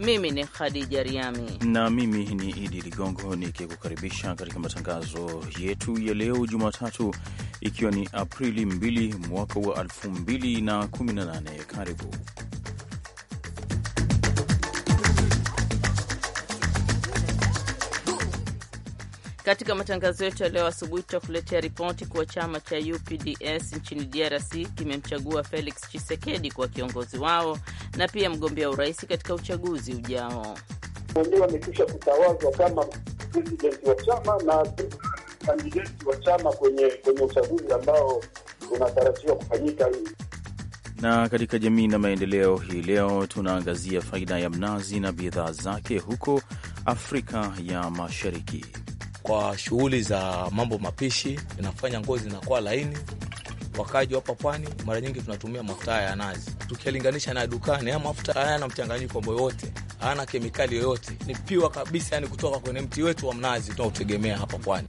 Mimi ni Khadija Riami na mimi ni Idi Ligongo nikikukaribisha katika matangazo yetu ya leo Jumatatu, ikiwa ni Aprili 2 mwaka wa 2018. Karibu Katika matangazo yetu ya leo asubuhi, tutakuletea ripoti kuwa chama cha UPDS nchini DRC kimemchagua Felix chisekedi kuwa kiongozi wao na pia mgombea urais katika uchaguzi ujao. Ndio amekwisha kutawazwa kama presidenti wa chama na kandidati wa chama kwenye, kwenye uchaguzi ambao unatarajiwa kufanyika hii na katika jamii na maendeleo hii leo tunaangazia faida ya mnazi na bidhaa zake huko Afrika ya Mashariki kwa shughuli za mambo mapishi, inafanya ngozi inakuwa laini. Wakaji hapa pwani mara nyingi tunatumia mafuta ya nazi, tukilinganisha na dukani. Haya mafuta hayana mchanganyiko yoyote, hayana kemikali yoyote, ni piwa kabisa, yani kutoka kwenye mti wetu wa mnazi tunaotegemea hapa pwani.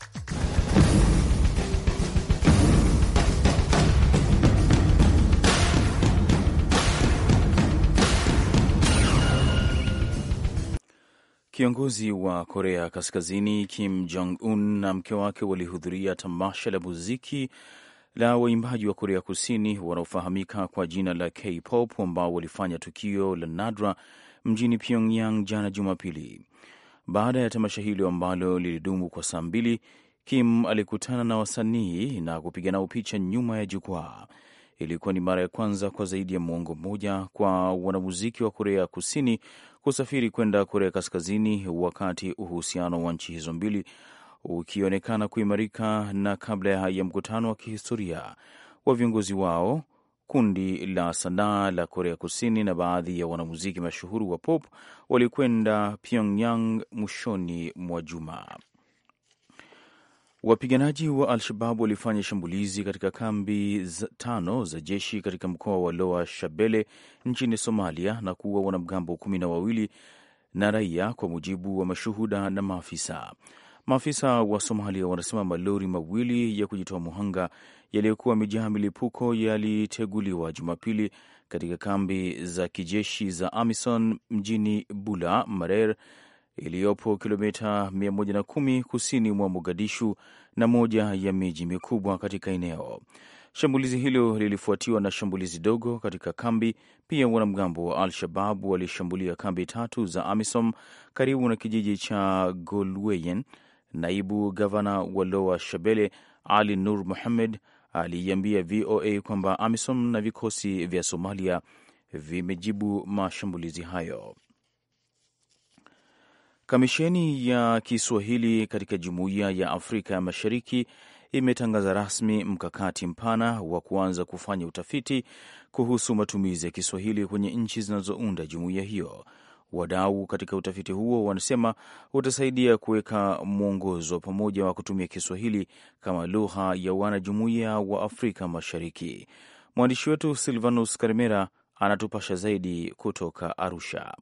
Kiongozi wa Korea Kaskazini Kim Jong Un na mke wake walihudhuria tamasha la muziki la waimbaji wa Korea Kusini wanaofahamika kwa jina la K-pop ambao walifanya tukio la nadra mjini Pyongyang jana Jumapili. Baada ya tamasha hilo ambalo lilidumu kwa saa mbili, Kim alikutana na wasanii na kupiga nao picha nyuma ya jukwaa. Ilikuwa ni mara ya kwanza kwa zaidi ya mwongo mmoja kwa wanamuziki wa Korea Kusini kusafiri kwenda Korea Kaskazini, wakati uhusiano wa nchi hizo mbili ukionekana kuimarika. Na kabla ya mkutano wa kihistoria wa viongozi wao, kundi la sanaa la Korea Kusini na baadhi ya wanamuziki mashuhuri wa pop walikwenda Pyongyang mwishoni mwa juma. Wapiganaji wa Al-Shabab walifanya shambulizi katika kambi tano za jeshi katika mkoa wa Loa Shabele nchini Somalia na kuua wanamgambo kumi na wawili na raia, kwa mujibu wa mashuhuda na maafisa. Maafisa wa Somalia wanasema malori mawili ya kujitoa muhanga yaliyokuwa yamejaa milipuko yaliteguliwa Jumapili katika kambi za kijeshi za AMISON mjini Bula Marer iliyopo kilomita 110 kusini mwa Mogadishu na moja ya miji mikubwa katika eneo. Shambulizi hilo lilifuatiwa na shambulizi dogo katika kambi. Pia wanamgambo wa Al-Shabab walishambulia kambi tatu za AMISOM karibu na kijiji cha Golweyen. Naibu gavana wa Loa Shabele Ali Nur muhammed aliiambia VOA kwamba AMISOM na vikosi vya Somalia vimejibu mashambulizi hayo. Kamisheni ya Kiswahili katika Jumuiya ya Afrika ya Mashariki imetangaza rasmi mkakati mpana wa kuanza kufanya utafiti kuhusu matumizi ya Kiswahili kwenye nchi zinazounda jumuiya hiyo. Wadau katika utafiti huo wanasema utasaidia kuweka mwongozo pamoja wa kutumia Kiswahili kama lugha ya wanajumuiya wa Afrika Mashariki. Mwandishi wetu Silvanus Karimera anatupasha zaidi kutoka Arusha.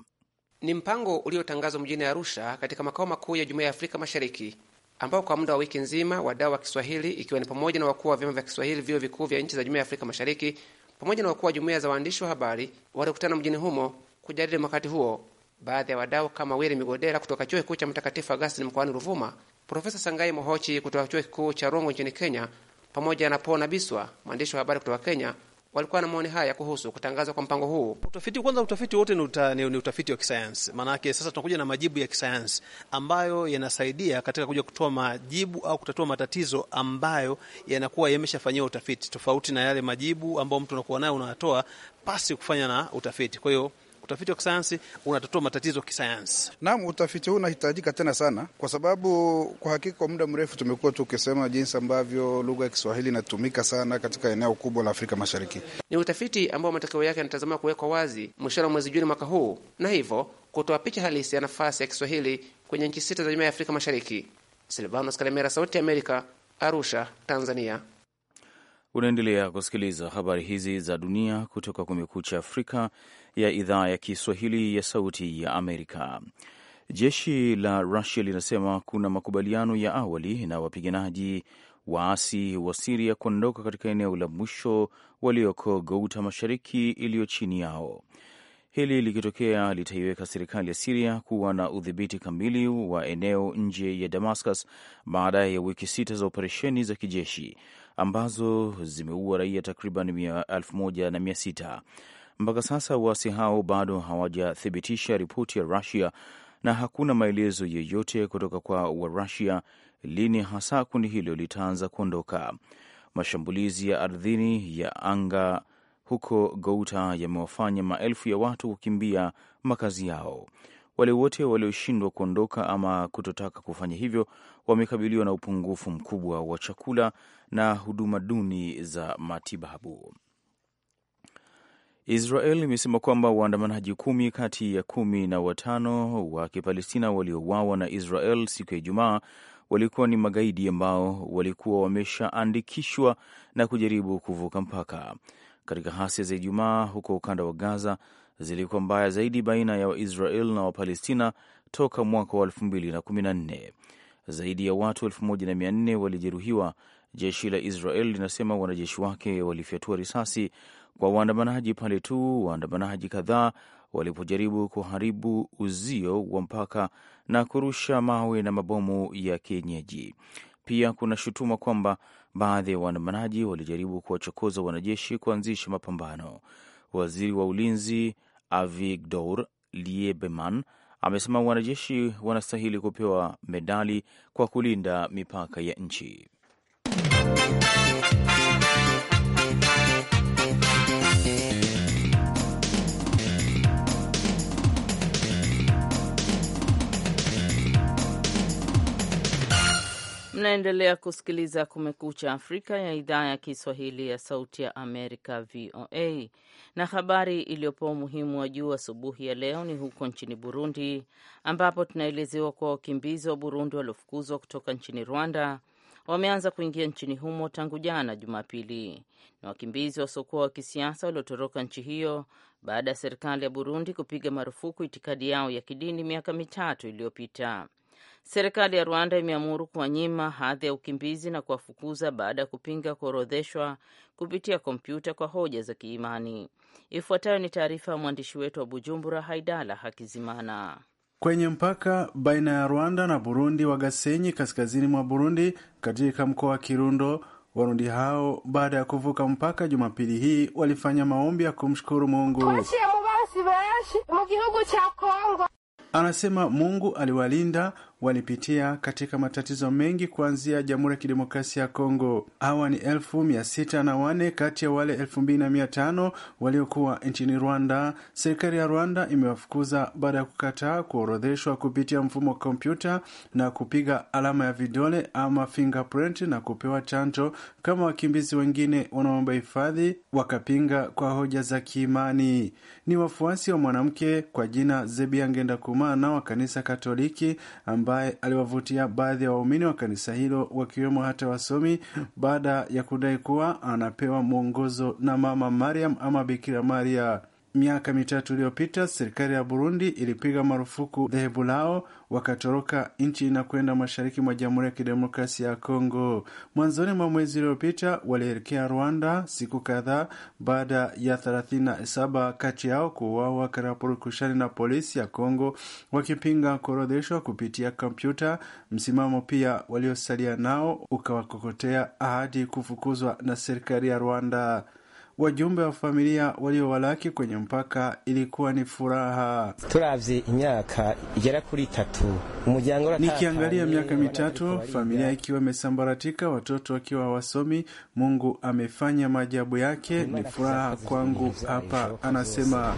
Ni mpango uliotangazwa mjini Arusha katika makao makuu ya Jumuiya ya Afrika Mashariki, ambao kwa muda wa wiki nzima wadau wa Kiswahili ikiwa ni pamoja na wakuu wa vyama vya Kiswahili vyuo vikuu vya nchi za Jumuiya ya Afrika Mashariki pamoja na wakuu wa jumuiya za waandishi wa habari waliokutana mjini humo kujadili wakati huo. Baadhi ya wadau kama Wili Migodera kutoka chuo kikuu cha Mtakatifu Agustini mkoani Ruvuma, Profesa Sangai Mohochi kutoka chuo kikuu cha Rongo nchini Kenya, pamoja na Paul Nabiswa mwandishi wa habari kutoka Kenya walikuwa na maoni haya kuhusu kutangazwa kwa mpango huu. Utafiti kwanza, utafiti wote ni, uta, ni, ni utafiti wa kisayansi, maanake sasa tunakuja na majibu ya kisayansi ambayo yanasaidia katika kuja kutoa majibu au kutatua matatizo ambayo yanakuwa yameshafanyiwa utafiti, tofauti na yale majibu ambayo mtu anakuwa nayo unayatoa pasi kufanya na utafiti. Kwa hiyo Utafiti wa kisayansi unatatua matatizo kisayansi. Naam, utafiti huu unahitajika tena sana, kwa sababu kwa hakika kwa muda mrefu tumekuwa tukisema jinsi ambavyo lugha ya Kiswahili inatumika sana katika eneo kubwa la Afrika Mashariki. Ni utafiti ambao matokeo yake yanatazamiwa kuwekwa wazi mwishoni wa mwezi Juni mwaka huu, na hivyo kutoa picha halisi ya nafasi ya Kiswahili kwenye nchi sita za Jumuiya ya Afrika Mashariki. Silvanos Kalemera, Sauti ya Amerika, Arusha, Tanzania. Unaendelea kusikiliza habari hizi za dunia kutoka Kumekucha Afrika ya idhaa ya Kiswahili ya Sauti ya Amerika. Jeshi la Rusia linasema kuna makubaliano ya awali na wapiganaji waasi wa Siria kuondoka katika eneo la mwisho walioko Ghouta Mashariki iliyo chini yao. Hili likitokea litaiweka serikali ya Siria kuwa na udhibiti kamili wa eneo nje ya Damascus baada ya wiki sita za operesheni za kijeshi ambazo zimeua raia takriban elfu moja na mia sita. Mpaka sasa waasi hao bado hawajathibitisha ripoti ya Rusia na hakuna maelezo yeyote kutoka kwa Warusia lini hasa kundi hilo litaanza kuondoka. Mashambulizi ya ardhini ya anga huko Gouta yamewafanya maelfu ya watu kukimbia makazi yao. Wale wote walioshindwa kuondoka ama kutotaka kufanya hivyo wamekabiliwa na upungufu mkubwa wa chakula na huduma duni za matibabu. Israel imesema kwamba waandamanaji kumi kati ya kumi na watano wa Kipalestina waliouawa na Israel siku ya Ijumaa walikuwa ni magaidi ambao walikuwa wameshaandikishwa na kujaribu kuvuka mpaka. Katika ghasia za Ijumaa huko ukanda wa Gaza zilikuwa mbaya zaidi baina ya Waisrael na Wapalestina toka mwaka wa 214 zaidi ya watu 1400 walijeruhiwa. Jeshi la Israel linasema wanajeshi wake walifyatua risasi kwa waandamanaji pale tu waandamanaji kadhaa walipojaribu kuharibu uzio wa mpaka na kurusha mawe na mabomu ya kienyeji. Pia kuna shutuma kwamba baadhi ya waandamanaji walijaribu kuwachokoza wanajeshi kuanzisha mapambano. Waziri wa ulinzi Avigdor Lieberman amesema wanajeshi wanastahili kupewa medali kwa kulinda mipaka ya nchi. Mnaendelea kusikiliza Kumekucha Afrika ya idhaa ya Kiswahili ya Sauti ya Amerika, VOA. Na habari iliyopewa umuhimu wa juu asubuhi ya leo ni huko nchini Burundi, ambapo tunaelezewa kuwa wakimbizi wa Burundi waliofukuzwa kutoka nchini Rwanda wameanza kuingia nchini humo tangu jana Jumapili. Na wakimbizi wasiokuwa wa kisiasa waliotoroka nchi hiyo baada ya serikali ya Burundi kupiga marufuku itikadi yao ya kidini miaka mitatu iliyopita. Serikali ya Rwanda imeamuru kuwanyima hadhi ya ukimbizi na kuwafukuza baada ya kupinga kuorodheshwa kupitia kompyuta kwa hoja za kiimani. Ifuatayo ni taarifa ya mwandishi wetu wa Bujumbura, Haidala Hakizimana. Kwenye mpaka baina ya Rwanda na Burundi wa Gasenyi, kaskazini mwa Burundi, katika mkoa wa Kirundo, Warundi hao baada ya kuvuka mpaka Jumapili hii walifanya maombi ya kumshukuru Mungu. Anasema Mungu aliwalinda walipitia katika matatizo mengi kuanzia Jamhuri ya Kidemokrasia ya Kongo. Hawa ni elfu mia sita na wane kati ya wale elfu mbili na mia tano waliokuwa nchini Rwanda. Serikali ya Rwanda imewafukuza baada ya kukataa kuorodheshwa kupitia mfumo wa kompyuta na kupiga alama ya vidole ama fingerprint na kupewa chanjo kama wakimbizi wengine wanaomba hifadhi, wakapinga kwa hoja za kiimani. Ni wafuasi wa mwanamke kwa jina Zebiangenda Kumana wa kanisa Katoliki amba ambaye aliwavutia baadhi ya waumini wa kanisa hilo wakiwemo hata wasomi, baada ya kudai kuwa anapewa mwongozo na Mama Mariam ama Bikira Maria miaka mitatu iliyopita serikali ya Burundi ilipiga marufuku dhehebu lao wakatoroka nchi na kwenda mashariki mwa Jamhuri ya Kidemokrasia ya Kongo. Mwanzoni mwa mwezi uliopita walielekea Rwanda siku kadhaa baada ya 37 kati yao kuuawa katika purukushani na polisi ya Kongo wakipinga kuorodheshwa kupitia kompyuta. Msimamo pia waliosalia nao ukawakokotea ahadi kufukuzwa na serikali ya Rwanda wajumbe wa familia waliowalaki kwenye mpaka ilikuwa ni furaha. Nikiangalia miaka mitatu, familia ikiwa imesambaratika, watoto wakiwa wasomi, Mungu amefanya maajabu yake, ni furaha kwangu hapa, anasema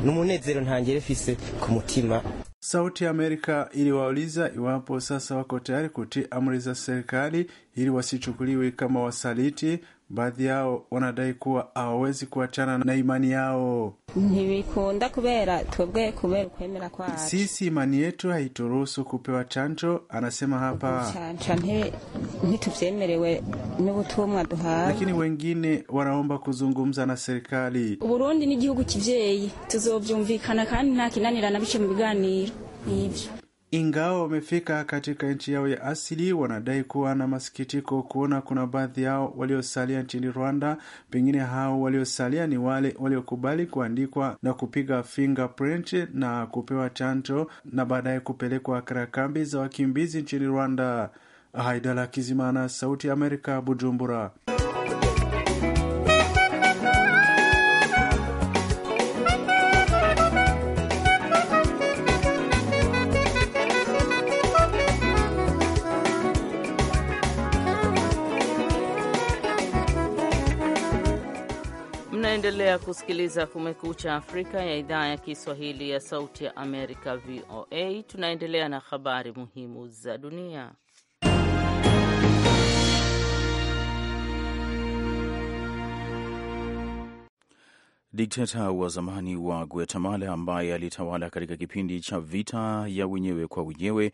Sauti ya Amerika iliwauliza iwapo sasa wako tayari kutii amri za serikali ili wasichukuliwe kama wasaliti baadhi yao wanadai kuwa hawawezi kuachana na imani yao. ntibikunda kubera twebwe kubera ukwemera kwa sisi imani yetu haituruhusu kupewa chanjo, anasema hapa ntituvyemerewe n'ubutumwa duhawe. Lakini wengine wanaomba kuzungumza na serikali. Uburundi ni igihugu kivyeyi, tuzovyumvikana kandi nta kinanirana bice mu biganiro ivyo ingawa wamefika katika nchi yao ya asili, wanadai kuwa na masikitiko kuona kuna baadhi yao waliosalia nchini Rwanda. Pengine hao waliosalia ni wale waliokubali kuandikwa na kupiga fingerprint na kupewa chanjo na baadaye kupelekwa katika kambi za wakimbizi nchini Rwanda. Haidala Kizimana, Sauti ya Amerika, Bujumbura. Unaendelea kusikiliza Kumekucha Afrika ya idhaa ya Kiswahili ya Sauti ya Amerika, VOA. Tunaendelea na habari muhimu za dunia. dikteta wa zamani wa Guatemala ambaye alitawala katika kipindi cha vita ya wenyewe kwa wenyewe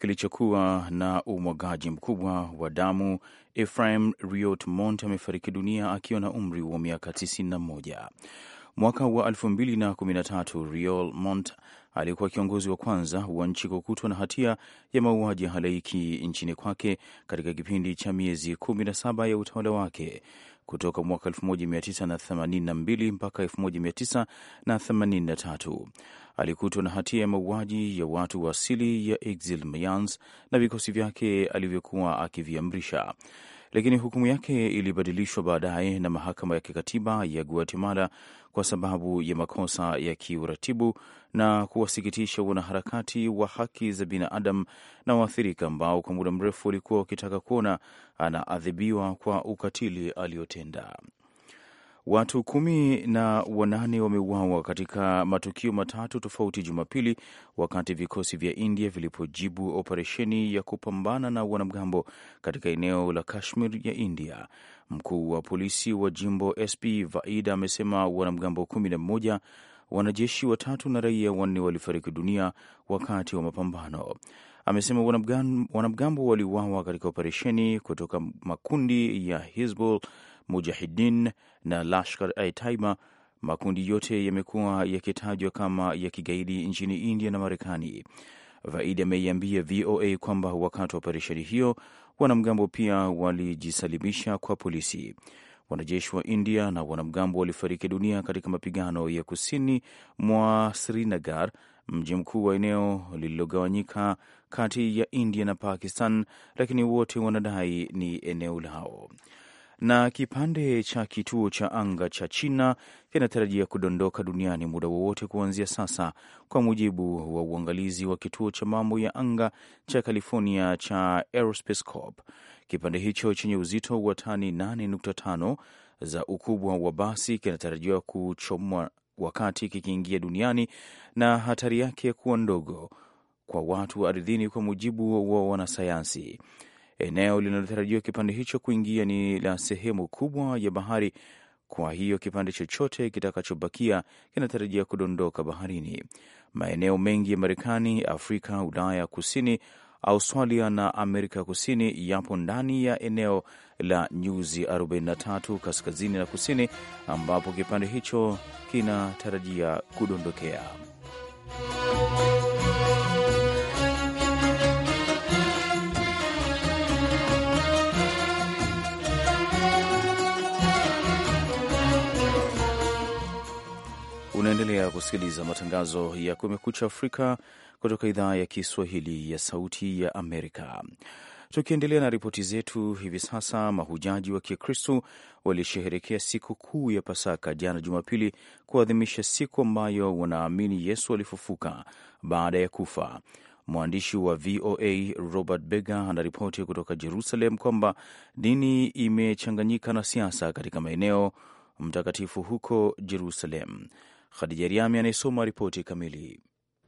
kilichokuwa na umwagaji mkubwa wa damu, Efraim Riot Mont amefariki dunia akiwa na umri wa miaka 91. Mwaka wa 2013 Riol Mont alikuwa kiongozi wa kwanza wa nchi kukutwa na hatia ya mauaji halaiki nchini kwake katika kipindi cha miezi 17 ya utawala wake kutoka mwaka 1982 mpaka 1983. Alikutwa na hatia ya mauaji ya watu wa asili ya exil myans na vikosi vyake alivyokuwa akiviamrisha lakini hukumu yake ilibadilishwa baadaye na mahakama ya kikatiba ya Guatemala kwa sababu ya makosa ya kiuratibu na kuwasikitisha wanaharakati wa haki za binadamu na waathirika ambao kwa muda mrefu walikuwa wakitaka kuona anaadhibiwa kwa ukatili aliotenda. Watu kumi na wanane wameuawa katika matukio matatu tofauti Jumapili wakati vikosi vya India vilipojibu operesheni ya kupambana na wanamgambo katika eneo la Kashmir ya India. Mkuu wa polisi wa jimbo SP Vaida amesema wanamgambo kumi na mmoja, wanajeshi watatu na raia wanne walifariki dunia wakati wa mapambano. Amesema wanamgambo waliuawa katika operesheni kutoka makundi ya Hizbul Mujahidin na Lashkar e Taiba, makundi yote yamekuwa yakitajwa kama ya kigaidi nchini India na Marekani. Vaid ameiambia VOA kwamba wakati wa operesheni hiyo wanamgambo pia walijisalimisha kwa polisi. Wanajeshi wa India na wanamgambo walifariki dunia katika mapigano ya kusini mwa Srinagar, mji mkuu wa eneo lililogawanyika kati ya India na Pakistan, lakini wote wanadai ni eneo lao na kipande cha kituo cha anga cha China kinatarajia kudondoka duniani muda wowote kuanzia sasa, kwa mujibu wa uangalizi wa kituo cha mambo ya anga cha California cha Aerospace Corp. Kipande hicho chenye uzito wa tani 8.5 za ukubwa wa basi kinatarajiwa kuchomwa wakati kikiingia duniani na hatari yake kuwa ndogo kwa watu ardhini, kwa mujibu wa wanasayansi. Eneo linalotarajiwa kipande hicho kuingia ni la sehemu kubwa ya bahari, kwa hiyo kipande chochote kitakachobakia kinatarajia kudondoka baharini. Maeneo mengi ya Marekani, Afrika, Ulaya Kusini, Australia na Amerika Kusini yapo ndani ya eneo la nyuzi 43 kaskazini na kusini, ambapo kipande hicho kinatarajia kudondokea. Unaendelea kusikiliza matangazo ya Kumekucha Afrika kutoka idhaa ya Kiswahili ya Sauti ya Amerika. Tukiendelea na ripoti zetu hivi sasa, mahujaji wa Kikristo walisheherekea siku kuu ya Pasaka jana Jumapili, kuadhimisha siku ambayo wanaamini Yesu alifufuka baada ya kufa. Mwandishi wa VOA Robert Bega anaripoti kutoka Jerusalem kwamba dini imechanganyika na siasa katika maeneo mtakatifu huko Jerusalem. Khadija Riami anayesoma ripoti kamili.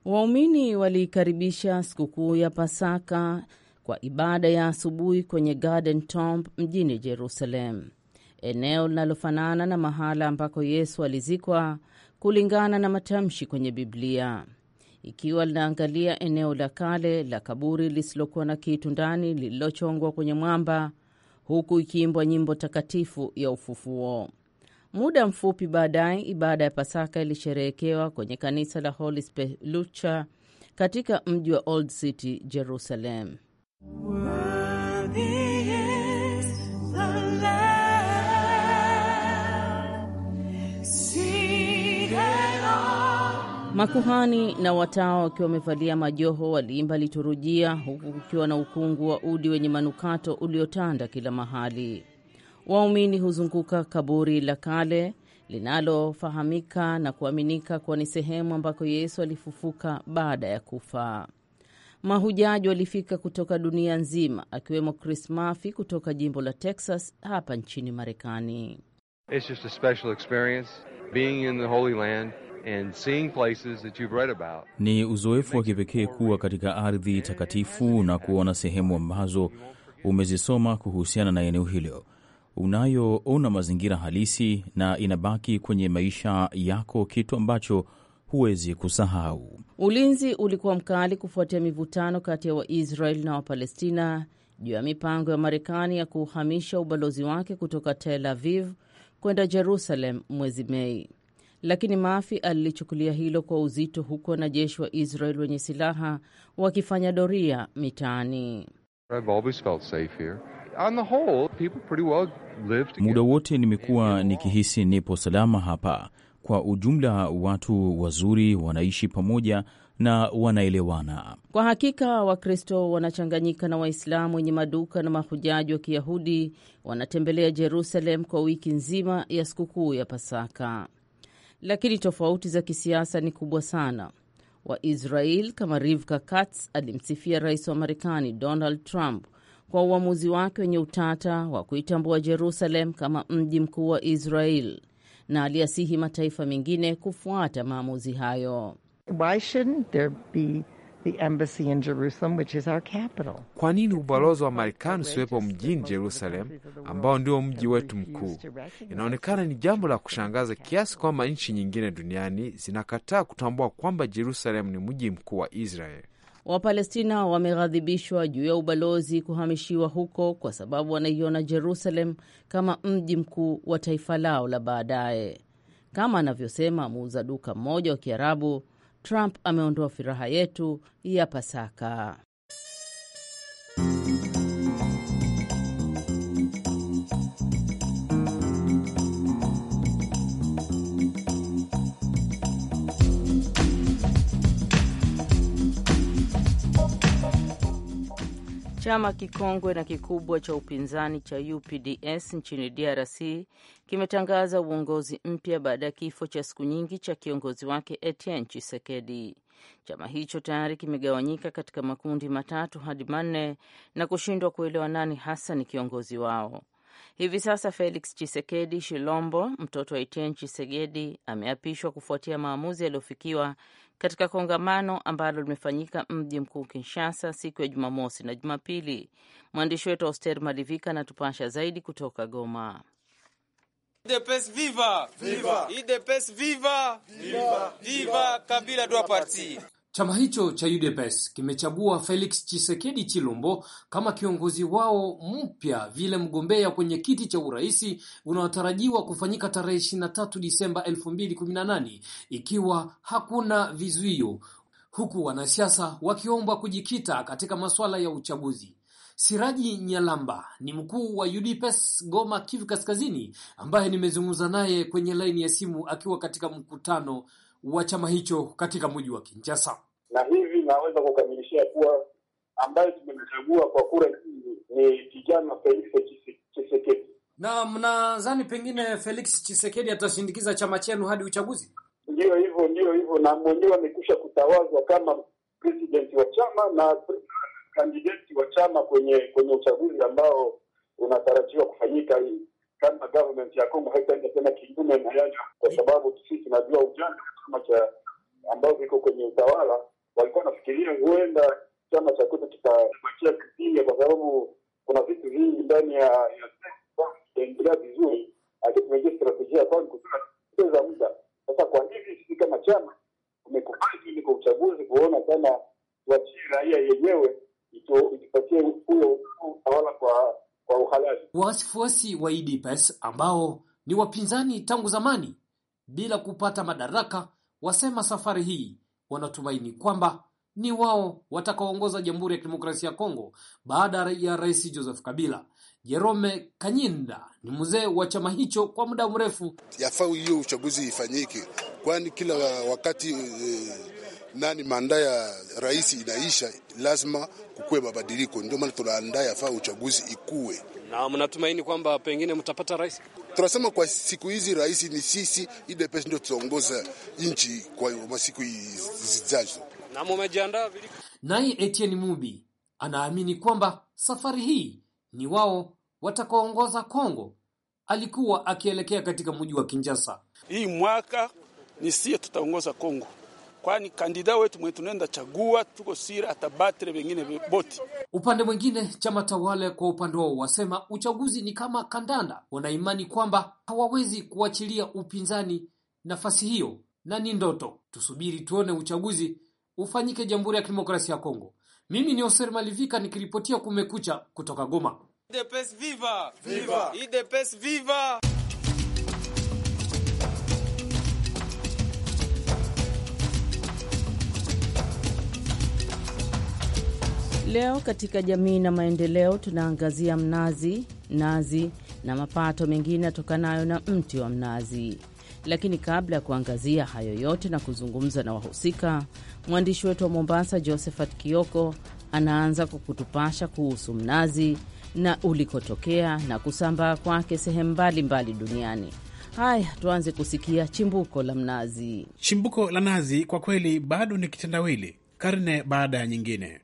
Waumini waliikaribisha sikukuu ya Pasaka kwa ibada ya asubuhi kwenye Garden Tomb mjini Jerusalem, eneo linalofanana na mahala ambako Yesu alizikwa kulingana na matamshi kwenye Biblia, ikiwa linaangalia eneo la kale la kaburi lisilokuwa na kitu ndani lililochongwa kwenye mwamba, huku ikiimbwa nyimbo takatifu ya ufufuo. Muda mfupi baadaye, ibada ya Pasaka ilisherehekewa kwenye kanisa la Holy Sepulchre katika mji wa Old City, Jerusalem. Makuhani na watawa wakiwa wamevalia majoho waliimba liturujia, huku kukiwa na ukungu wa udi wenye manukato uliotanda kila mahali waumini huzunguka kaburi la kale linalofahamika na kuaminika kuwa ni sehemu ambako Yesu alifufuka baada ya kufa. Mahujaji walifika kutoka dunia nzima, akiwemo Chris Murphy kutoka jimbo la Texas hapa nchini Marekani. Ni uzoefu wa kipekee kuwa katika ardhi takatifu na kuona sehemu ambazo umezisoma kuhusiana na eneo hilo unayoona mazingira halisi na inabaki kwenye maisha yako, kitu ambacho huwezi kusahau. Ulinzi ulikuwa mkali kufuatia mivutano kati ya waisrael na Wapalestina juu ya mipango ya Marekani ya kuhamisha ubalozi wake kutoka Tel Aviv kwenda Jerusalem mwezi Mei, lakini mafi alilichukulia hilo kwa uzito, huku wanajeshi wa Israel wenye silaha wakifanya doria mitaani. I've always felt safe here on the whole, people pretty well live together. Muda wote nimekuwa nikihisi nipo salama hapa. Kwa ujumla watu wazuri wanaishi pamoja na wanaelewana. Kwa hakika, Wakristo wanachanganyika na Waislamu wenye maduka na mahujaji wa Kiyahudi wanatembelea Jerusalem kwa wiki nzima ya sikukuu ya Pasaka, lakini tofauti za kisiasa ni kubwa sana. Waisrael kama Rivka Katz alimsifia rais wa Marekani Donald Trump kwa uamuzi wake wenye utata wa kuitambua Jerusalem kama mji mkuu wa Israel na aliasihi mataifa mengine kufuata maamuzi hayo. Kwa nini ubalozi wa Marekani usiwepo mjini Jerusalem ambao ndio mji wetu mkuu? Inaonekana ni jambo la kushangaza kiasi kwamba nchi nyingine duniani zinakataa kutambua kwamba Jerusalem ni mji mkuu wa israel Wapalestina wameghadhibishwa juu ya ubalozi kuhamishiwa huko kwa sababu wanaiona Jerusalem kama mji mkuu wa taifa lao la baadaye. Kama anavyosema muuza duka mmoja wa Kiarabu, Trump ameondoa furaha yetu ya Pasaka. Chama kikongwe na kikubwa cha upinzani cha UPDS nchini DRC kimetangaza uongozi mpya baada ya kifo cha siku nyingi cha kiongozi wake Etienne chisekedi Chama hicho tayari kimegawanyika katika makundi matatu hadi manne na kushindwa kuelewa nani hasa ni kiongozi wao. Hivi sasa Felix Chisekedi Shilombo, mtoto wa Etienne Chisekedi, ameapishwa kufuatia maamuzi yaliyofikiwa katika kongamano ambalo limefanyika mji mkuu Kinshasa siku ya Jumamosi na Jumapili. Mwandishi wetu Auster Malivika anatupasha zaidi kutoka Goma. UDPS viva! Viva! UDPS viva! Viva! Viva! Kabila doit Chama hicho cha UDPS kimechagua Felix Chisekedi Chilombo kama kiongozi wao mpya vile mgombea kwenye kiti cha urais unaotarajiwa kufanyika tarehe 23 Disemba 2018 ikiwa hakuna vizuio, huku wanasiasa wakiombwa kujikita katika masuala ya uchaguzi. Siraji Nyalamba ni mkuu wa UDPS Goma, Kivu Kaskazini, ambaye nimezungumza naye kwenye laini ya simu akiwa katika mkutano wa chama hicho katika mji wa Kinshasa. Na hivi naweza kukamilishia kuwa ambaye tumemchagua kwa kura nyingi ni kijana Felix Chisekedi. Na mnadhani pengine Felix chisekedi atashindikiza chama chenu hadi uchaguzi? Ndiyo hivyo, ndiyo hivyo, na mwenyewe amekusha kutawazwa kama president wa chama na kandidati wa chama kwenye kwenye uchaguzi ambao unatarajiwa kufanyika hii kama government ya Kongo haitaenda tena kinyume na yale, kwa sababu sisi tunajua ujanja chama cha ambao viko kwenye utawala walikuwa nafikiria huenda chama cha kwetu kitabakia kitia, kwa sababu kuna vitu vingi ndani ya endelea vizuri, lakini tumejia strategia kwa kusema kupoteza muda. Sasa kwa hivi sisi kama chama tumekubali ili kwa uchaguzi kuona kama tuachie raia yenyewe itupatie huyo utawala kwa kwa uhalali. Wafuasi wa UDPS ambao ni wapinzani tangu zamani bila kupata madaraka, wasema safari hii wanatumaini kwamba ni wao watakaoongoza Jamhuri ya Kidemokrasia ya Kongo baada ya Rais Joseph Kabila. Jerome Kanyinda ni mzee wa chama hicho kwa muda mrefu. Yafaa hiyo uchaguzi ifanyike, kwani kila wakati eh, nani manda ya rais inaisha, lazima kukuwe mabadiliko. Ndio maana tunaandaa yafaa uchaguzi ikuwe na mnatumaini kwamba pengine mtapata rais. Tunasema kwa siku hizi rais ni sisi, ile pesa ndio tutaongoza nchi kwa masiku zijazo. Na mumejiandaa vilivyo. Naye Etienne Mubi anaamini kwamba safari hii ni wao watakaoongoza Kongo. Alikuwa akielekea katika mji wa Kinshasa. Hii mwaka ni sie tutaongoza Kongo kwani kandida wetu mwenye tunaenda chagua tuko sira atabatre wengine boti. Upande mwingine, chama tawala kwa upande wao wasema uchaguzi ni kama kandanda, wanaimani kwamba hawawezi kuachilia upinzani nafasi hiyo na ni ndoto. Tusubiri tuone uchaguzi ufanyike Jamhuri ya Kidemokrasia ya Kongo. Mimi ni Oser Malivika nikiripotia Kumekucha kutoka Goma. Viva. Viva. Viva. Leo katika jamii na maendeleo tunaangazia mnazi, nazi na mapato mengine yatokanayo na mti wa mnazi. Lakini kabla ya kuangazia hayo yote na kuzungumza na wahusika, mwandishi wetu wa Mombasa Josephat Kioko anaanza kwa kutupasha kuhusu mnazi na ulikotokea na kusambaa kwake sehemu mbalimbali duniani. Haya, tuanze kusikia chimbuko la mnazi. Chimbuko la nazi kwa kweli bado ni kitendawili, karne baada ya nyingine.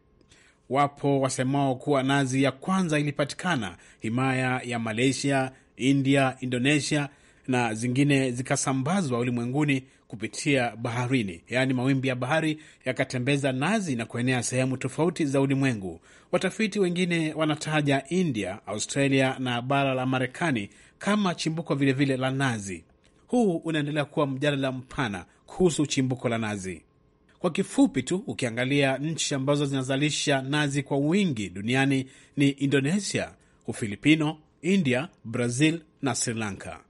Wapo wasemao kuwa nazi ya kwanza ilipatikana himaya ya Malaysia, India, Indonesia na zingine zikasambazwa ulimwenguni kupitia baharini, yaani mawimbi ya bahari yakatembeza nazi na kuenea sehemu tofauti za ulimwengu. Watafiti wengine wanataja India, Australia na bara la Marekani kama chimbuko vilevile la nazi. Huu unaendelea kuwa mjadala mpana kuhusu chimbuko la nazi. Kwa kifupi tu, ukiangalia nchi ambazo zinazalisha nazi kwa wingi duniani ni Indonesia, Ufilipino, India, Brazil na Sri Lanka.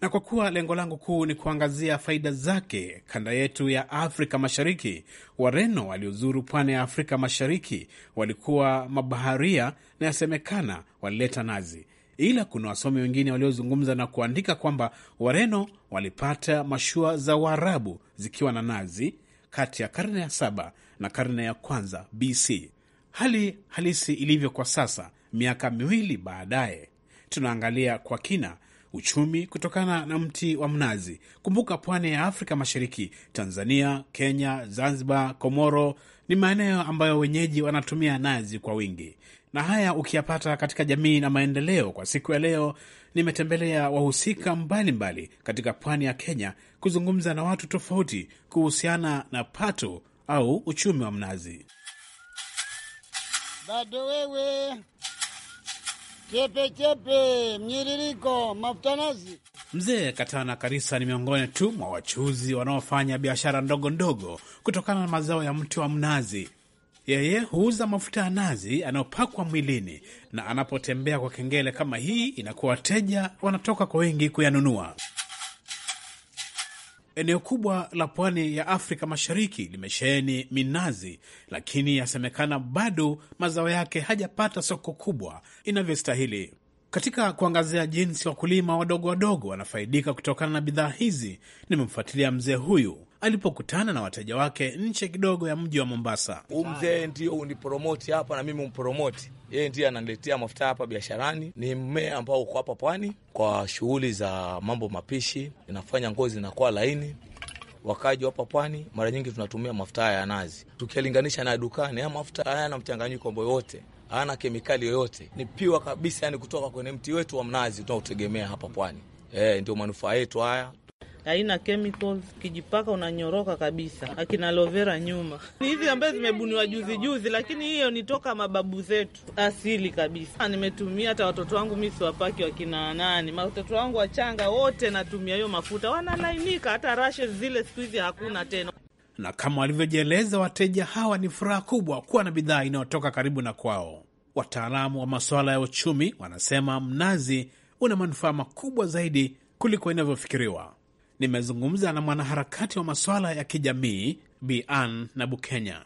Na kwa kuwa lengo langu kuu ni kuangazia faida zake kanda yetu ya Afrika Mashariki, Wareno waliozuru pwani ya Afrika Mashariki walikuwa mabaharia na yasemekana walileta nazi, ila kuna wasomi wengine waliozungumza na kuandika kwamba Wareno walipata mashua za Waarabu zikiwa na nazi kati ya karne ya saba na karne ya kwanza BC. Hali halisi ilivyo kwa sasa, miaka miwili baadaye, tunaangalia kwa kina uchumi kutokana na mti wa mnazi. Kumbuka pwani ya Afrika Mashariki, Tanzania, Kenya, Zanzibar, Komoro ni maeneo ambayo wenyeji wanatumia nazi kwa wingi na haya ukiyapata katika jamii na maendeleo. Kwa siku ya leo, nimetembelea wahusika mbalimbali katika pwani ya Kenya kuzungumza na watu tofauti kuhusiana na pato au uchumi wa mnazi. Bado wewe chepechepe, mnyiririko, mafuta nazi. Mzee Katana Karisa ni miongoni tu mwa wachuuzi wanaofanya biashara ndogo ndogo kutokana na mazao ya mti wa mnazi yeye huuza mafuta ya nazi anayopakwa mwilini, na anapotembea kwa kengele kama hii, inakuwa wateja wanatoka kwa wingi kuyanunua. Eneo kubwa la pwani ya Afrika Mashariki limesheheni minazi, lakini yasemekana bado mazao yake hajapata soko kubwa inavyostahili. Katika kuangazia jinsi wakulima wadogo wadogo wanafaidika kutokana na bidhaa hizi, nimemfuatilia mzee huyu alipokutana na wateja wake nche kidogo ya mji wa Mombasa. Umzee ndio unipromoti hapa na mimi umpromoti yeye, ndiye ananiletea mafuta hapa biasharani. Ni mmea ambao uko hapa pwani kwa shughuli za mambo mapishi, inafanya ngozi inakuwa laini. Wakaji hapa pwani mara nyingi tunatumia mafuta haya ya nazi, tukilinganisha na dukani. Haya mafuta hayana mchanganyiko yoyote hana kemikali yoyote, ni piwa kabisa, yani kutoka kwenye mti wetu wa mnazi tunaotegemea hapa pwani. E, ndio manufaa yetu haya haina chemical, kijipaka unanyoroka kabisa. Akina lovera nyuma ni hizi ambazo zimebuniwa juzi juzi, lakini hiyo ni toka mababu zetu asili kabisa. Nimetumia hata watoto wangu mi siwapaki wakina nani, watoto wangu wachanga wote natumia hiyo mafuta, wanalainika. Hata rashes zile siku hizi hakuna tena na kama walivyojieleza wateja hawa, ni furaha kubwa kuwa na bidhaa inayotoka karibu na kwao. Wataalamu wa masuala ya uchumi wanasema mnazi una manufaa makubwa zaidi kuliko inavyofikiriwa nimezungumza na mwanaharakati wa masuala ya kijamii Bi Ann na Bukenya.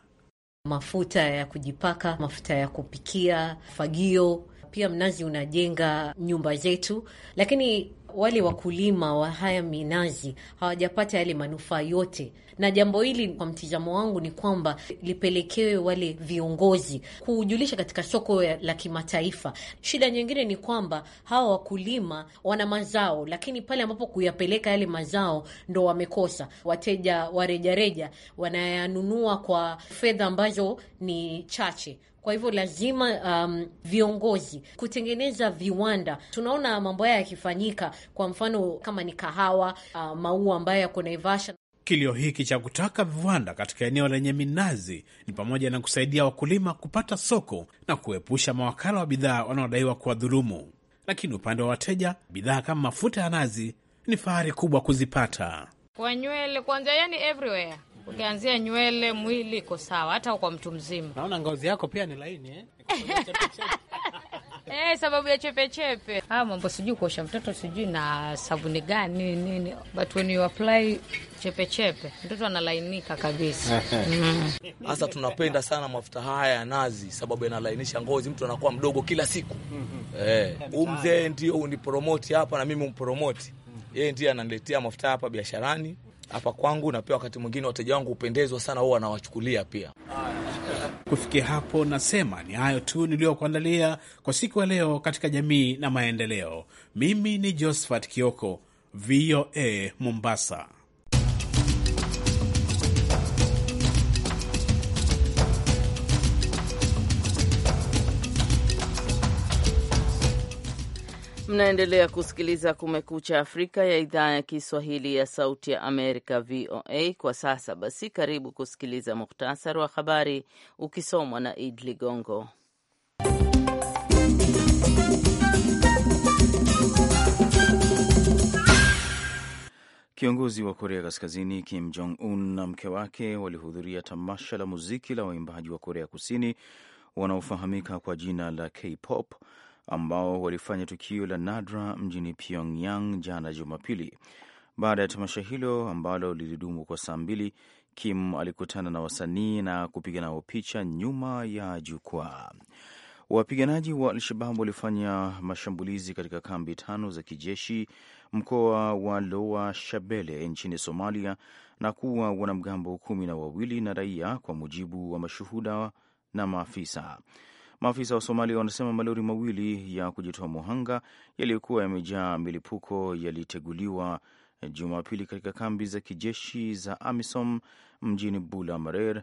Mafuta ya kujipaka, mafuta ya kupikia, fagio, pia mnazi unajenga nyumba zetu, lakini wale wakulima wa haya minazi hawajapata yale manufaa yote, na jambo hili kwa mtizamo wangu ni kwamba lipelekewe wale viongozi kujulisha katika soko la kimataifa. Shida nyingine ni kwamba hawa wakulima wana mazao, lakini pale ambapo kuyapeleka yale mazao ndo wamekosa wateja. Wa rejareja wanayanunua kwa fedha ambazo ni chache. Kwa hivyo lazima um, viongozi kutengeneza viwanda. Tunaona mambo haya yakifanyika, kwa mfano kama ni kahawa uh, maua ambayo yako Naivasha. Kilio hiki cha kutaka viwanda katika eneo lenye minazi ni pamoja na kusaidia wakulima kupata soko na kuepusha mawakala wa bidhaa wanaodaiwa kuwadhulumu. Lakini upande wa wateja, bidhaa kama mafuta ya nazi ni fahari kubwa kuzipata kwa nywele kwanza, yani everywhere Ukianzia nywele, mwili iko sawa, hata kwa mtu mzima. Naona ngozi yako pia ni laini eh? Eh, sababu ya chepechepe ah, mambo sijui kuosha mtoto sijui na sabuni gani nini, but when you apply chepechepe mtoto analainika kabisa mhm. hasa. Mm. Tunapenda sana mafuta haya ya nazi, sababu yanalainisha ngozi, mtu anakuwa mdogo kila siku. Mhm. Eh, umzee ndio unipromoti hapa na mimi umpromoti mhm. yeye. Ndiye ananiletea mafuta hapa biasharani hapa kwangu, na pia wakati mwingine wateja wangu hupendezwa sana, huwa wanawachukulia pia. Kufikia hapo, nasema ni hayo tu niliyokuandalia kwa siku ya leo katika jamii na maendeleo. Mimi ni Josephat Kioko, VOA Mombasa. Mnaendelea kusikiliza Kumekucha Afrika ya idhaa ya Kiswahili ya Sauti ya Amerika, VOA. Kwa sasa basi, karibu kusikiliza muhtasari wa habari ukisomwa na Id Ligongo. Kiongozi wa Korea Kaskazini Kim Jong Un na mke wake walihudhuria tamasha la muziki la waimbaji wa Korea Kusini wanaofahamika kwa jina la K-pop ambao walifanya tukio la nadra mjini Pyongyang jana Jumapili. Baada ya tamasha hilo ambalo lilidumu kwa saa mbili, Kim alikutana na wasanii na kupiga nao picha nyuma ya jukwaa. Wapiganaji wa Al-Shabab walifanya mashambulizi katika kambi tano za kijeshi mkoa wa loa shabele nchini Somalia na kuwa wanamgambo kumi na wawili na raia, kwa mujibu wa mashuhuda na maafisa. Maafisa wa Somalia wanasema malori mawili ya kujitoa muhanga yaliyokuwa yamejaa milipuko yaliteguliwa Jumapili katika kambi za kijeshi za AMISOM mjini Bula Marer,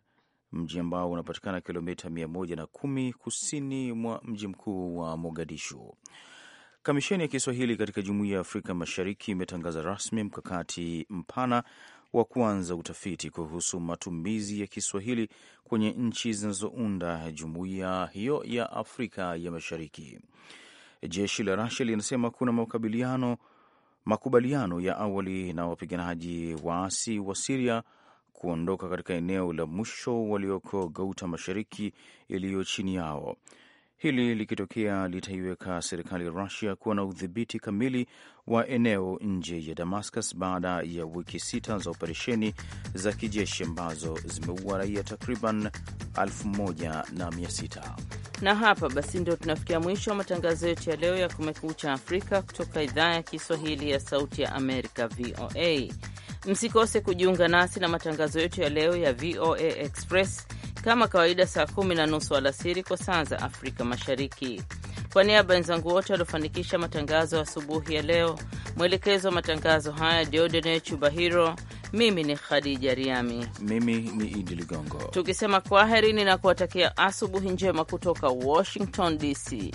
mji ambao unapatikana kilomita 110 kusini mwa mji mkuu wa Mogadishu. Kamisheni ya Kiswahili katika Jumuiya ya Afrika Mashariki imetangaza rasmi mkakati mpana wa kuanza utafiti kuhusu matumizi ya Kiswahili kwenye nchi zinazounda jumuiya hiyo ya Afrika ya Mashariki. Jeshi la Rasia linasema kuna makabiliano makubaliano ya awali na wapiganaji waasi wa Siria kuondoka katika eneo la mwisho walioko Gouta mashariki iliyo chini yao. Hili likitokea litaiweka serikali ya Rusia kuwa na udhibiti kamili wa eneo nje ya Damascus baada ya wiki sita za operesheni za kijeshi ambazo zimeua raia takriban 1600. Na hapa basi ndio tunafikia mwisho wa matangazo yetu ya leo ya Kumekucha Afrika kutoka idhaa ya Kiswahili ya Sauti ya Amerika, VOA. Msikose kujiunga nasi na matangazo yetu ya leo ya VOA Express kama kawaida saa kumi na nusu alasiri kwa saa za Afrika Mashariki. Kwa niaba ya wenzangu wote waliofanikisha matangazo asubuhi ya leo, mwelekezo wa matangazo haya Diodene Chubahiro, mimi ni Khadija Riami, mimi ni Idi Ligongo, tukisema kwaherini na kuwatakia asubuhi njema kutoka Washington DC.